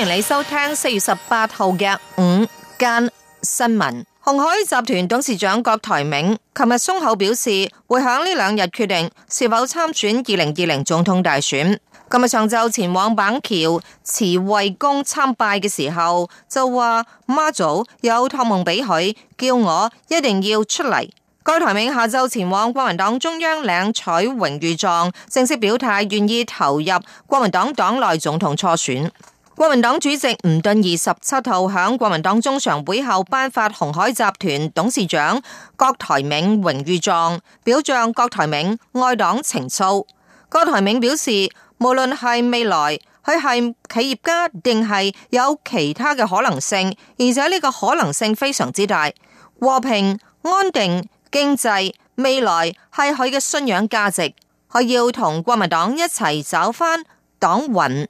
歡迎你收聽四月十八號嘅午間新聞。鴻海集團董事長郭台銘琴日鬆口表示，會喺呢兩日決定是否參選二零二零總統大選。今日上晝前往板橋慈惠宮參拜嘅時候，就話媽祖有託夢俾佢，叫我一定要出嚟。郭台銘下晝前往國民黨中央領取榮譽狀，正式表態願意投入國民黨黨內總統初選。國民黨主席吳敦義十七號喺國民黨中常會後頒發鴻海集團董事長郭台銘榮譽狀，表彰郭台銘愛黨情操。郭台銘表示，無論係未來佢係企業家定係有其他嘅可能性，而且呢個可能性非常之大。和平、安定、經濟未來係佢嘅信仰價值，佢要同國民黨一齊找返黨魂。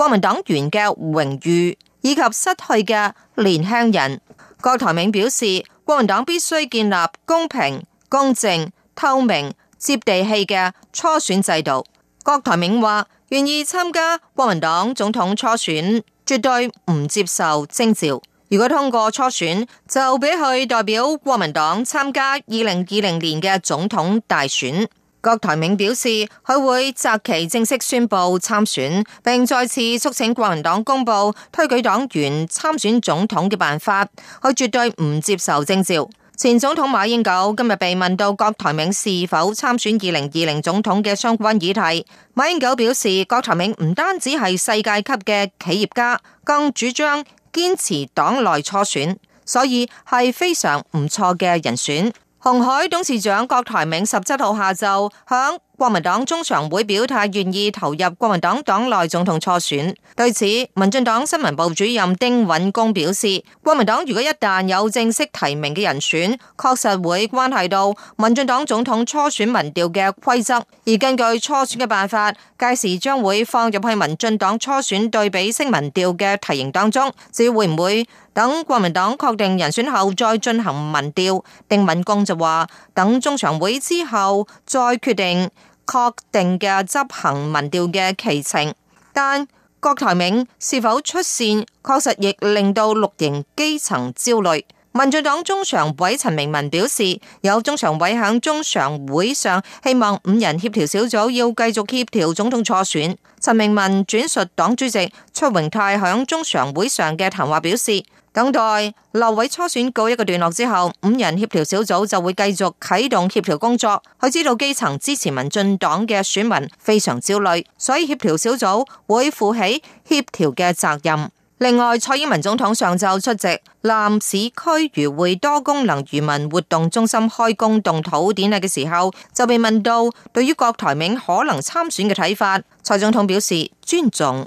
國民黨員嘅榮譽以及失去嘅年輕人，郭台銘表示，國民黨必須建立公平、公正、透明、接地氣嘅初選制度。郭台銘話，願意參加國民黨總統初選，絕對唔接受徵召。如果通過初選，就俾佢代表國民黨參加二零二零年嘅總統大選。郭台銘表示，佢會擇期正式宣布參選，並再次促請國民黨公布推舉黨員參選總統嘅辦法。佢絕對唔接受徵召。前總統馬英九今日被問到郭台銘是否參選二零二零總統嘅相關議題，馬英九表示，郭台銘唔單止係世界級嘅企業家，更主張堅持黨內初選，所以係非常唔錯嘅人選。鴻海董事長郭台銘十七號下晝響，國民黨中常會表態願意投入國民黨黨內總統初選。對此，民進黨新聞部主任丁允恭表示，國民黨如果一旦有正式提名嘅人選，確實會關係到民進黨總統初選民調嘅規則。而根據初選嘅辦法，屆時將會放入去民進黨初選對比聲民調嘅題型當中。至於會唔會等國民黨確定人選後再進行民調，丁允恭就話，等中常會之後再決定。確定嘅執行民調嘅期程，但郭台銘是否出線，確實亦令到綠營基層焦慮。民進黨中常委陳明文表示，有中常委喺中常會上希望五人協調小組要繼續協調總統初選。陳明文轉述黨主席卓榮泰喺中常會上嘅談話表示，等待立委初選告一個段落之後，五人協調小組就會繼續啟動協調工作。佢知道基層支持民進黨嘅選民非常焦慮，所以協調小組會負起協調嘅責任。另外，蔡英文總統上晝出席南市區漁會多功能漁民活動中心開工動土典禮嘅時候，就被問到對於郭台銘可能參選嘅睇法，蔡總統表示尊重。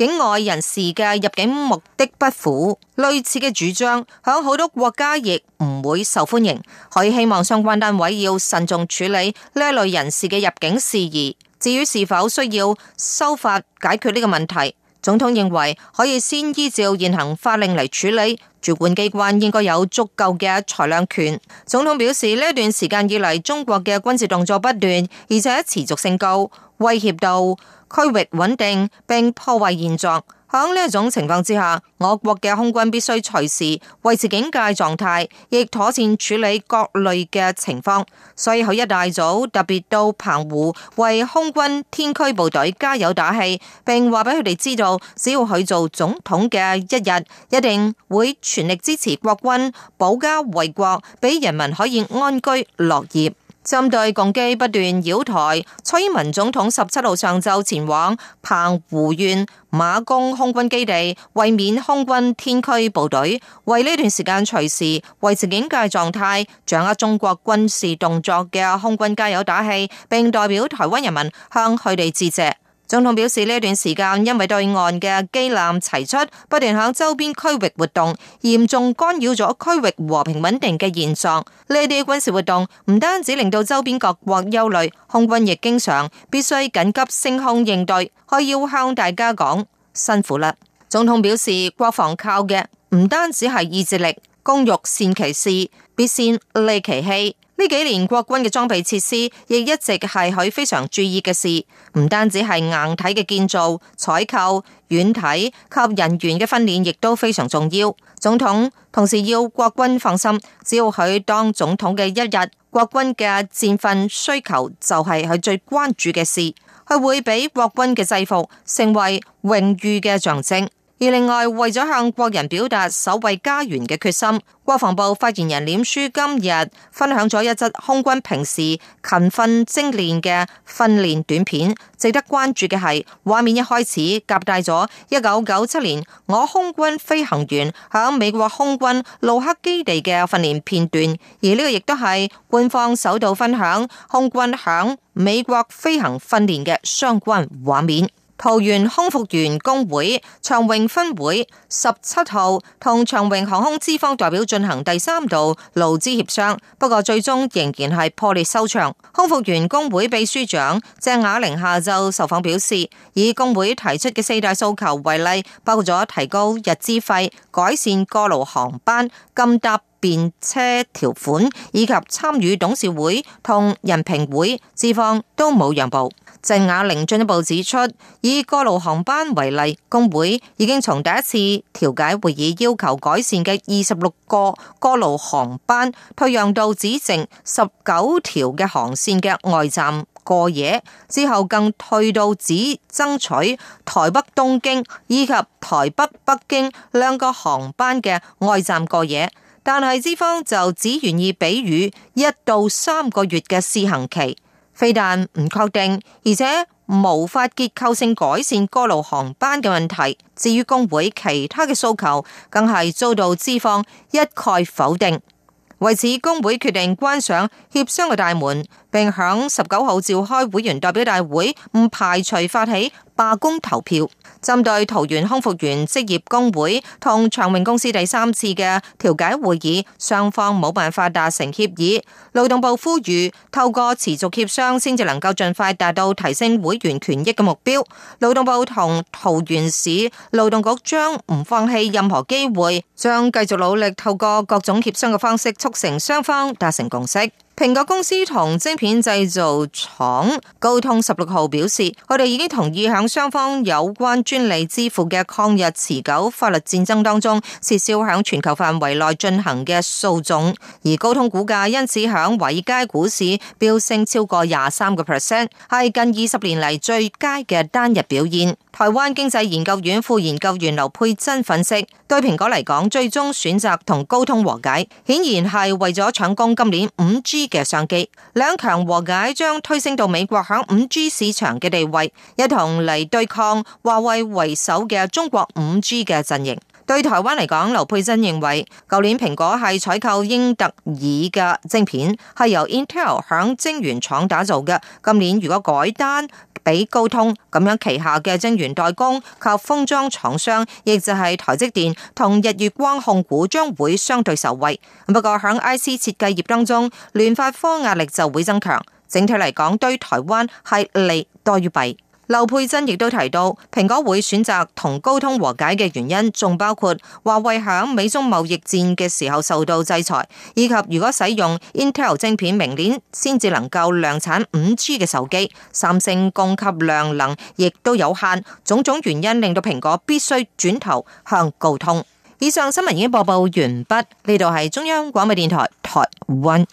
境外人士嘅入境目的不符，類似嘅主張響好多國家亦唔會受歡迎。可以希望相關單位要慎重處理呢一類人士嘅入境事宜。至於是否需要修法解決呢個問題？總統認為可以先依照現行法令嚟處理，主管機關應該有足夠嘅裁量權。總統表示，呢段時間以嚟，中國嘅軍事動作不斷，而且持續性高，威脅到區域穩定並破壞現狀。喺呢一種情況之下，我國嘅空軍必須隨時維持警戒狀態，亦妥善處理各類嘅情況。所以，佢一大早，特別到澎湖為空軍天驅部隊加油打氣，並話俾佢哋知道，只要佢做總統嘅一日，一定會全力支持國軍保家衛國，俾人民可以安居樂業。針對共機不斷擾台，蔡英文總統十七號上晝前往澎湖縣馬公空軍基地，慰勉空軍天驅部隊，為呢段時間隨時維持警戒狀態，掌握中國軍事動作嘅空軍加油打氣，並代表台灣人民向佢哋致謝。總統表示，呢段時間因為對岸嘅機艦齊出，不斷喺周邊區域活動，嚴重干擾咗區域和平穩定嘅現狀。呢啲軍事活動唔單止令到周邊各國憂慮，空軍亦經常必須緊急升空應對。我要向大家講，辛苦啦！總統表示，國防靠嘅唔單止係意志力，工欲善其事，必先利其器。呢幾年國軍嘅裝備設施亦一直係佢非常注意嘅事，唔單止係硬體嘅建造、採購、軟體及人員嘅訓練，亦都非常重要。總統同時要國軍放心，只要佢當總統嘅一日，國軍嘅戰訓需求就係佢最關注嘅事，佢會俾國軍嘅制服成為榮譽嘅象徵。而另外，為咗向國人表達守衛家園嘅決心，國防部發言人臉書今日分享咗一則空軍平時勤訓精練嘅訓練短片。值得關注嘅係，畫面一開始夾帶咗一九九七年我空軍飛行員響美國空軍路克基地嘅訓練片段，而呢個亦都係官方首度分享空軍響美國飛行訓練嘅相關畫面。桃園空服員工會長榮分會十七號同長榮航空資方代表進行第三度勞資協商，不過最終仍然係破裂收場。空服員工會秘書長鄭雅玲下晝受訪表示，以工會提出嘅四大訴求為例，包括咗提高日資費、改善過勞航班、禁搭便車條款以及參與董事會同人評會，資方都冇讓步。鄭雅玲進一步指出，以過路航班為例，工會已經從第一次調解會議要求改善嘅二十六個過路航班退讓到只剩十九條嘅航綫嘅外站過夜，之後更退到只爭取台北東京以及台北北京兩個航班嘅外站過夜。但係資方就只願意俾予一到三個月嘅試行期，非但唔確定，而且無法結構性改善過勞航班嘅問題。至於工會其他嘅訴求，更係遭到資方一概否定。為此，工會決定關上協商嘅大門，並響十九號召開會員代表大會，唔排除發起罷工投票。針對桃園空服員職業工會同長榮公司第三次嘅調解會議，雙方冇辦法達成協議。勞動部呼籲透過持續協商，先至能夠盡快達到提升會員權益嘅目標。勞動部同桃園市勞動局將唔放棄任何機會，將繼續努力透過各種協商嘅方式，促成雙方達成共識。蘋果公司同晶片製造廠高通十六號表示，佢哋已經同意向雙方有關專利支付嘅曠日持久法律戰爭當中撤銷響全球範圍內進行嘅訴訟，而高通股價因此響華爾街股市飆升超過廿三個 percent，係近二十年嚟最佳嘅單日表現。台灣經濟研究院副研究員劉佩真分析，對蘋果嚟講，最終選擇同高通和解，顯然係為咗搶攻今年五 G 嘅商機。兩強和解將推升到美國響五 G 市場嘅地位，一同嚟對抗華為為首嘅中國五 G 嘅陣營。對台灣嚟講，劉佩真認為，舊年蘋果係採購英特爾嘅晶片，係由 Intel 響晶圓廠打造嘅。今年如果改單，俾高通咁樣，旗下嘅晶圓代工及封裝廠商，亦就係台積電同日月光控股將會相對受惠。不過喺 IC 設計業當中，聯發科壓力就會增強。整體嚟講，對台灣係利多於弊。劉佩珍亦都提到，蘋果會選擇同高通和解嘅原因，仲包括華為響美中貿易戰嘅時候受到制裁，以及如果使用 Intel 晶片，明年先至能夠量產五 G 嘅手機，三星供給量能亦都有限，種種原因令到蘋果必須轉頭向高通。以上新聞已經播報完畢，呢度係中央廣播電台台灣。